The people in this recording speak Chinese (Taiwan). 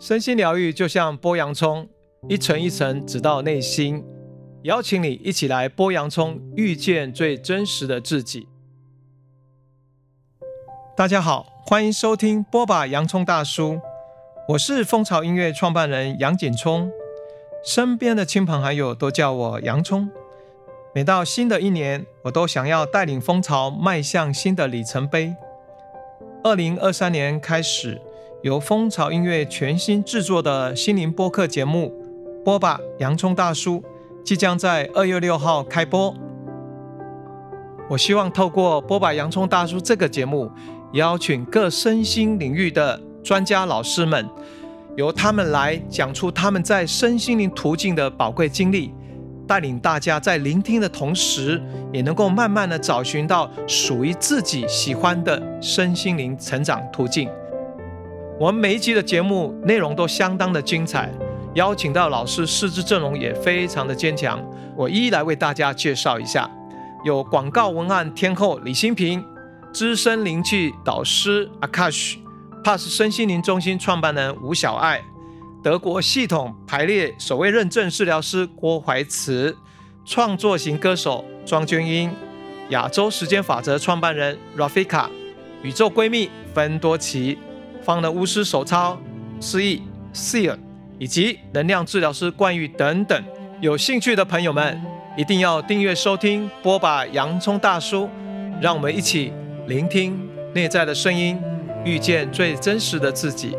身心療癒就像剝洋蔥，一層一層，直到內心。邀請你一起來剝洋蔥，遇見最真實的自己。大家好，歡迎收聽剝吧！洋蔥大叔，我是風潮音樂創辦人楊錦聰，身邊的親朋好友都叫我洋蔥。每到新的一年，我都想要帶領風潮邁向新的里程碑。二零二三年開始，由風潮音樂全新制作的心靈播客節目《剝吧洋蔥大叔》即將在二月六號開播。我希望透過《剝吧洋蔥大叔》這個節目，邀請各身心領域的專家老師們，由他們來講出他們在身心靈途徑的寶貴經歷。帶領大家在聆聽的同時，也能夠慢慢的找尋到屬於自己喜歡的身心靈成長途徑。我們每一集的節目內容都相當的精彩，邀請到老師師資陣容也非常的堅強。我一一來為大家介紹一下：有廣告文案天后李欣頻，資深靈氣導師阿喀許，Path 身心靈中心創辦人吳曉艾。德國系統排列首位認證治療師郭懷慈，創作型歌手莊鵑瑛，亞洲時間法則創辦人 Rafeeka，宇宙閨蜜分多奇，荒人巫思手抄思逸 Seer，以及能量治療師貫譽等等，有興趣的朋友們一定要訂閱收聽剝吧！洋蔥大叔，讓我們一起聆聽內在的聲音，遇見最真實的自己。